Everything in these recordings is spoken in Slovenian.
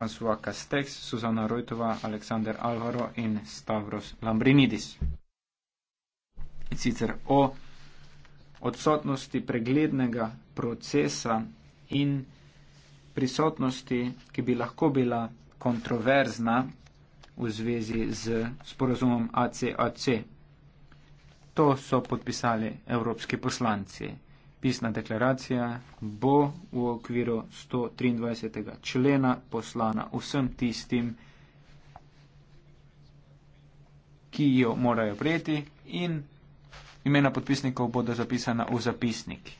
Fransua Castex, Suzana Rojtova, Aleksandr Alvaro in Stavros Lambrinidis. In sicer o odsotnosti preglednega procesa in prisotnosti, ki bi lahko bila kontroverzna v zvezi z sporozumom ACAC. To so podpisali evropski poslanci. Pisna deklaracija bo v okviru 123. člena poslana vsem tistim, ki jo morajo prijeti in imena podpisnikov bodo zapisana v zapisnik.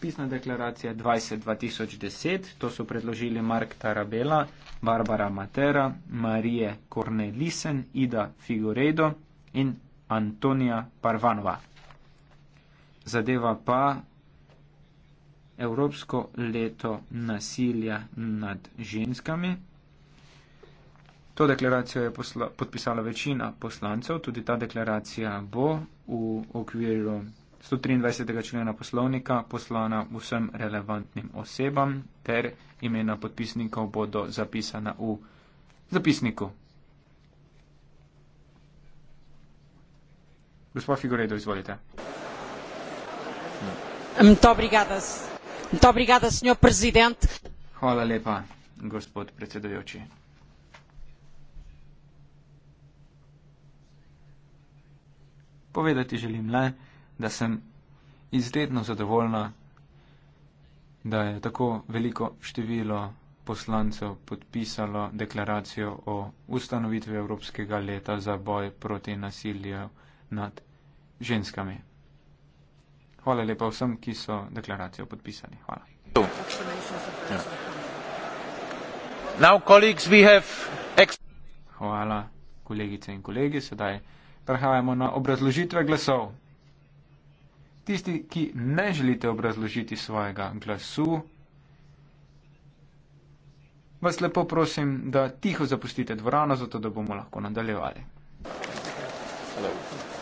Pisna deklaracija 20.2010, to so predložili Mark Tarabela, Barbara Matera, Marije Kornelisen, Ida Figuredo in Antonija Parvanova zadeva pa Evropsko leto nasilja nad ženskami. To deklaracijo je posla, podpisala večina poslancev, tudi ta deklaracija bo v okviru 123. člena poslovnika poslana vsem relevantnim osebam, ter imena podpisnikov bodo zapisana v zapisniku. Gospod Figoredo, izvolite. Muito obrigada. Muito obrigada, Sr. Presidente. Hvala lepa, gospod predsedujoči. Povedati želim le, da sem izredno zadovoljna, da je tako veliko število poslancev podpisalo deklaracijo o ustanovitvi Evropskega leta za boj proti nasilju nad ženskami. Hvala lepa vsem, ki so deklaracijo podpisali. Hvala. Ja. Hvala, kolegice in kolegi. Sedaj prehajamo na obrazložitve glasov. Tisti, ki ne želite obrazložiti svojega glasu, vas lepo prosim, da tiho zapustite dvorano, zato da bomo lahko nadaljevali. Hello.